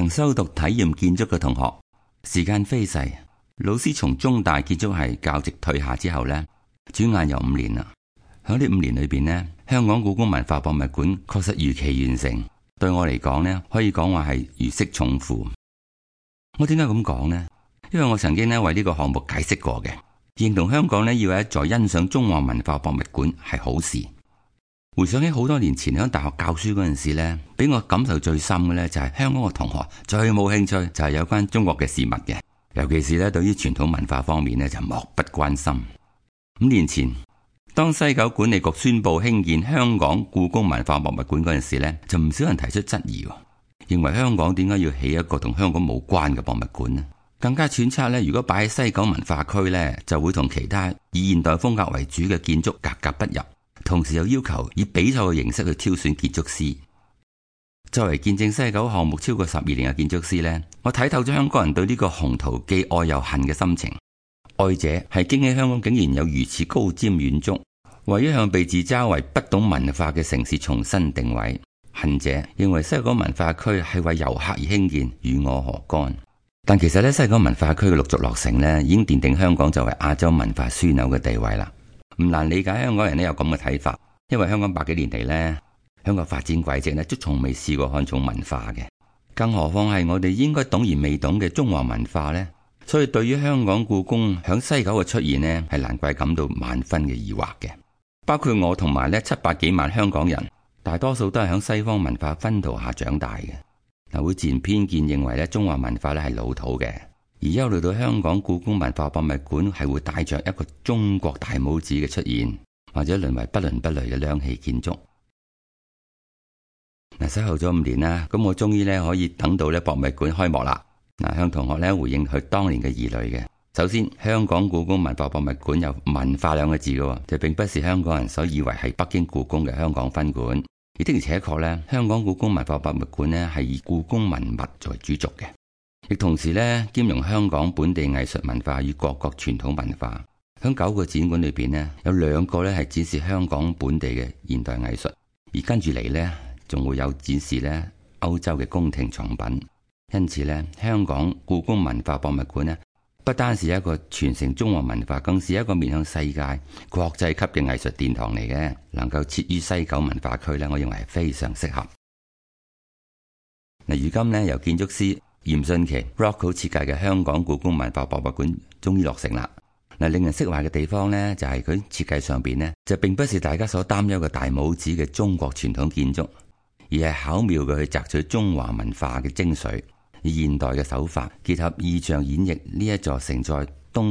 曾修讀體驗建築嘅同學，時間飛逝。老師從中大建築系教職退下之後呢，轉眼又五年啦。喺呢五年裏邊呢，香港故宮文化博物館確實如期完成。對我嚟講呢，可以講話係如釋重負。我點解咁講呢？因為我曾經呢為呢個項目解釋過嘅，認同香港呢要有一座欣賞中華文化博物館係好事。回想起好多年前響大學教書嗰陣時咧，俾我感受最深嘅咧就係香港嘅同學最冇興趣就係有關中國嘅事物嘅。尤其是咧，對於傳統文化方面咧就漠不關心。五年前，當西九管理局宣布興建香港故宮文化博物館嗰陣時咧，就唔少人提出質疑，認為香港點解要起一個同香港冇關嘅博物館呢？更加揣測咧，如果擺喺西九文化區咧，就會同其他以現代風格為主嘅建築格格不入。同時又要求以比賽嘅形式去挑選建築師，作為見證西九項目超過十二年嘅建築師呢，我睇透咗香港人對呢個宏圖既愛又恨嘅心情。愛者係驚喜香港竟然有如此高瞻遠矚，為一向被自嘲為不懂文化嘅城市重新定位；恨者認為西九文化區係為遊客而興建，與我何干？但其實呢，西九文化區嘅陸續落成呢，已經奠定香港作為亞洲文化樞紐嘅地位啦。唔難理解香港人咧有咁嘅睇法，因為香港百幾年嚟呢，香港發展軌跡呢都從未試過看重文化嘅，更何況係我哋應該懂而未懂嘅中華文化呢？所以對於香港故宮響西九嘅出現呢係難怪感到萬分嘅疑惑嘅。包括我同埋呢七百幾萬香港人，大多數都係響西方文化熏陶下長大嘅，嗱會自然偏見認為咧中華文化咧係老土嘅。而憂慮到香港故宮文化博物館係會帶着一個中國大帽子嘅出現，或者淪為不倫不類嘅兩器建築。嗱，守候咗五年啦，咁我終於咧可以等到咧博物館開幕啦。嗱，向同學咧回應佢當年嘅疑慮嘅。首先，香港故宮文化博物館有文化兩個字嘅，就並不是香港人所以為係北京故宮嘅香港分館。而的而且確咧，香港故宮文化博物館呢係以故宮文物作為主軸嘅。亦同時兼容香港本地藝術文化與各國傳統文化。喺九個展館裏面呢，有兩個呢係展示香港本地嘅現代藝術，而跟住嚟呢仲會有展示呢歐洲嘅宮廷藏品。因此呢，香港故宮文化博物館呢，不單是一個傳承中華文，文化，更是一個面向世界國際級嘅藝術殿堂嚟嘅。能夠設於西九文化區呢，我認為是非常適合。如今呢，由建築師嚴迅奇 Rocco 設計嘅香港故宮文化博物館終於落成啦！嗱，令人釋懷嘅地方呢，就係佢設計上邊呢，就並不是大家所擔憂嘅大拇指嘅中國傳統建築，而係巧妙嘅去摘取中華文化嘅精髓，以現代嘅手法結合意象演繹呢一座城寨。